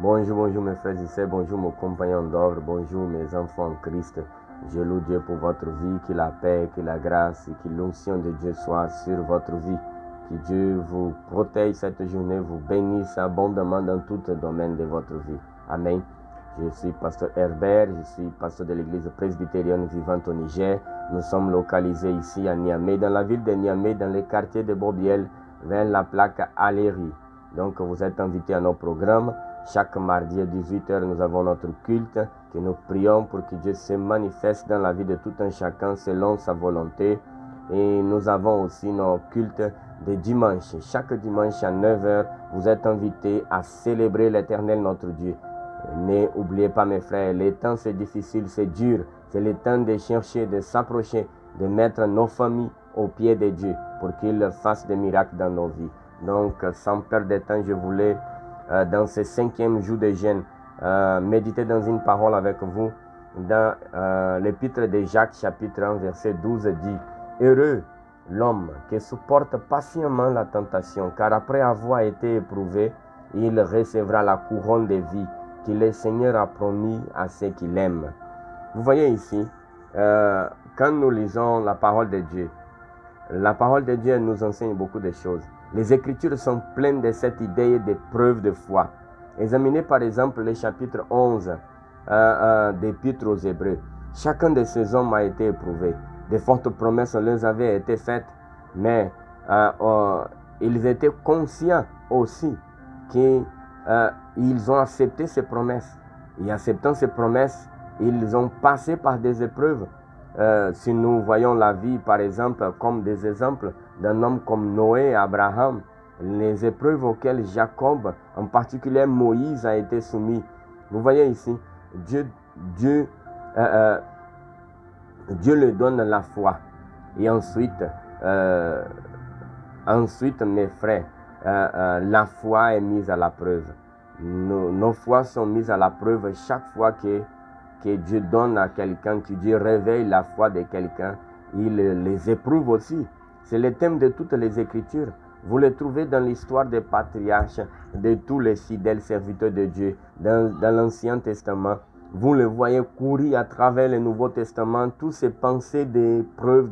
Bonjour, bonjour mes frères et sœurs, bonjour mon compagnon d'œuvre, bonjour mes enfants en Christ. Je loue Dieu pour votre vie, que la paix, que la grâce, que l'onction de Dieu soit sur votre vie. Que Dieu vous protège cette journée, vous bénisse abondamment dans tout domaine de votre vie. Amen. Je suis pasteur Herbert, je suis pasteur de l'église presbytérienne vivante au Niger. Nous sommes localisés ici à Niamey, dans la ville de Niamey, dans le quartier de Bobiel, vers la plaque Aléry. Donc vous êtes invités à nos programmes. Chaque mardi à 18h, nous avons notre culte que nous prions pour que Dieu se manifeste dans la vie de tout un chacun selon sa volonté. Et nous avons aussi nos cultes de dimanche. Chaque dimanche à 9h, vous êtes invités à célébrer l'Éternel notre Dieu. N'oubliez pas mes frères, les temps c'est difficile, c'est dur. C'est le temps de chercher, de s'approcher, de mettre nos familles au pied de Dieu pour qu'il fasse des miracles dans nos vies. Donc, sans perdre de temps, je voulais euh, dans ce cinquième jour de jeûne. Euh, méditez dans une parole avec vous. Dans euh, l'épître de Jacques chapitre 1 verset 12 dit, Heureux l'homme qui supporte patiemment la tentation, car après avoir été éprouvé, il recevra la couronne de vie que le Seigneur a promis à ceux qui l'aiment. Vous voyez ici, quand nous lisons la parole de Dieu, la parole de Dieu nous enseigne beaucoup de choses. Les Écritures sont pleines de cette idée et de preuves de foi. Examinez par exemple le chapitre 11 euh, euh, d'Épître aux Hébreux. Chacun de ces hommes a été éprouvé. De fortes promesses leur avaient été faites, mais euh, euh, ils étaient conscients aussi qu'ils euh, ont accepté ces promesses. Et acceptant ces promesses, ils ont passé par des épreuves euh, si nous voyons la vie, par exemple, comme des exemples d'un homme comme Noé, Abraham, les épreuves auxquelles Jacob, en particulier Moïse, a été soumis. Vous voyez ici, Dieu, Dieu, euh, euh, Dieu lui donne la foi. Et ensuite, ensuite mes frères, la foi est mise à la preuve. Nos, nos, foi sont mises à la preuve chaque fois que que Dieu donne à quelqu'un, que Dieu réveille la foi de quelqu'un, il les éprouve aussi. C'est le thème de toutes les Écritures. Vous le trouvez dans l'histoire des patriarches, de tous les fidèles serviteurs de Dieu, dans, l'Ancien Testament. Vous le voyez courir à travers le Nouveau Testament, tous ces pensées des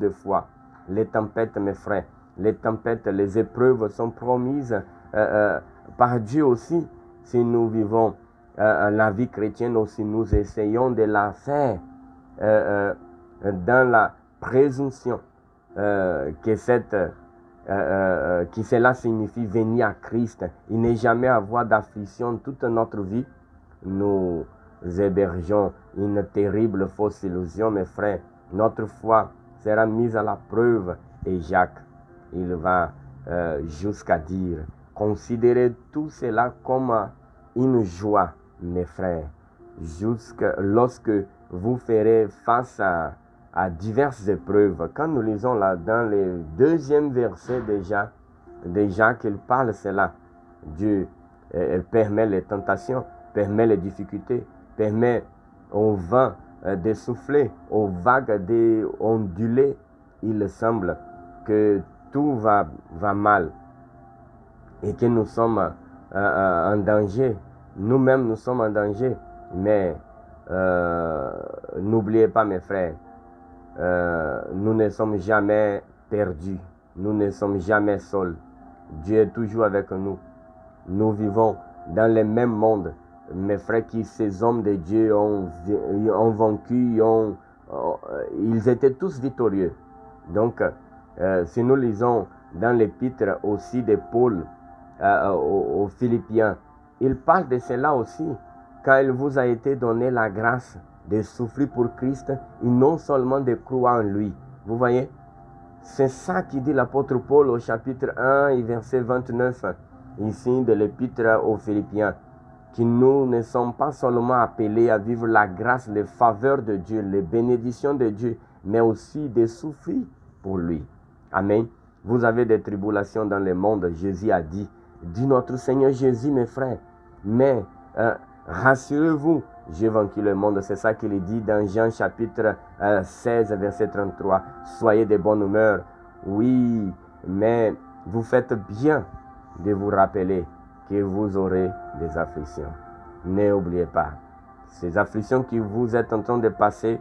de foi. Les tempêtes, mes frères, les tempêtes, les épreuves sont promises euh, euh, par Dieu aussi si nous vivons euh, euh, la vie chrétienne aussi, nous essayons de la faire euh, dans la présomption que cette qui cela signifie venir à Christ. Il n'est jamais à avoir d'affliction toute notre vie. Nous hébergeons une terrible fausse illusion, mes frères. Notre foi sera mise à la preuve. Et Jacques, il va jusqu'à dire, considérez tout cela comme une joie mes frères, lorsque vous ferez face à, diverses épreuves. Quand nous lisons là dans le deuxième verset déjà, déjà qu'il parle cela. Dieu euh, permet les tentations, permet les difficultés, permet au vent euh, de souffler, aux vagues d'onduler Il semble que tout va, mal et que nous sommes euh, en danger nous-mêmes, nous sommes en danger. Mais euh, n'oubliez pas, mes frères, euh, nous ne sommes jamais perdus. Nous ne sommes jamais seuls. Dieu est toujours avec nous. Nous vivons dans le même monde. Mes frères, qui ces hommes de Dieu ont, ont vaincu, ont, euh, ils étaient tous victorieux. Donc, si nous lisons dans l'épître aussi de Paul aux, Philippiens, il parle de cela aussi, car il vous a été donné la grâce de souffrir pour Christ et non seulement de croire en lui. Vous voyez C'est ça qui dit l'apôtre Paul au chapitre 1 et verset 29, ici de l'épître aux Philippiens, que nous ne sommes pas seulement appelés à vivre la grâce, les faveurs de Dieu, les bénédictions de Dieu, mais aussi de souffrir pour lui. Amen. Vous avez des tribulations dans le monde, Jésus a dit, dit notre Seigneur Jésus, mes frères. Mais euh, rassurez-vous, j'ai vaincu le monde. C'est ça qu'il dit dans Jean chapitre 16, euh, verset 33. Soyez de bonne humeur. Oui, mais vous faites bien de vous rappeler que vous aurez des afflictions. N'oubliez pas, ces afflictions que vous êtes en train de passer,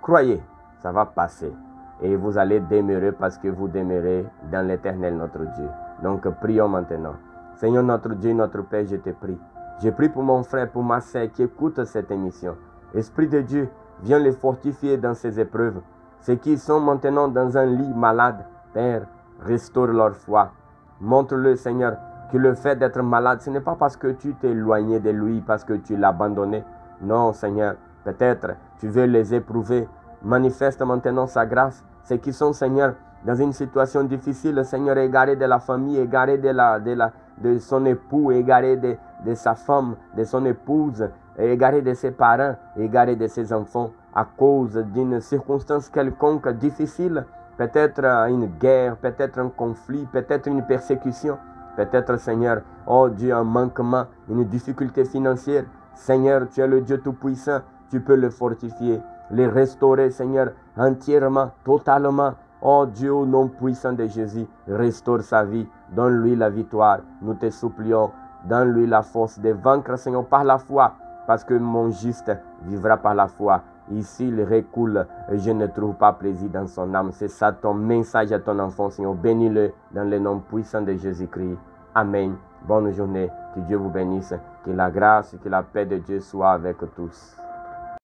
croyez, ça va passer. Et vous allez demeurer parce que vous demeurez dans l'éternel notre Dieu. Donc prions maintenant. Seigneur notre Dieu, notre Père, je te prie. Je prie pour mon frère, pour ma sœur qui écoute cette émission. Esprit de Dieu, viens les fortifier dans ces épreuves. Ceux qui sont maintenant dans un lit malade, Père, restaure leur foi. Montre-le, Seigneur, que le fait d'être malade, ce n'est pas parce que tu t'es éloigné de lui, parce que tu l'abandonnais. Non, Seigneur, peut-être tu veux les éprouver. Manifeste maintenant sa grâce. Ceux qui sont, Seigneur, dans une situation difficile, Seigneur égaré de la famille, égaré de, la, de son époux, égaré de, de sa femme, de son épouse, égaré de ses parents, égaré de ses enfants, à cause d'une circonstance quelconque difficile, peut-être une guerre, peut-être un conflit, peut-être une persécution, peut-être, Seigneur, oh Dieu, un manquement, une difficulté financière. Seigneur, tu es le Dieu Tout-Puissant, tu peux le fortifier, le restaurer, Seigneur, entièrement, totalement Oh Dieu, au nom puissant de Jésus, restaure sa vie. Donne-lui la victoire. Nous te supplions. Donne-lui la force de vaincre, Seigneur, par la foi. Parce que mon juste vivra par la foi. Ici, il recoule. Je ne trouve pas plaisir dans son âme. C'est ça ton message à ton enfant, Seigneur. Bénis-le dans le nom puissant de Jésus-Christ. Amen. Bonne journée. Que Dieu vous bénisse. Que la grâce et que la paix de Dieu soient avec tous.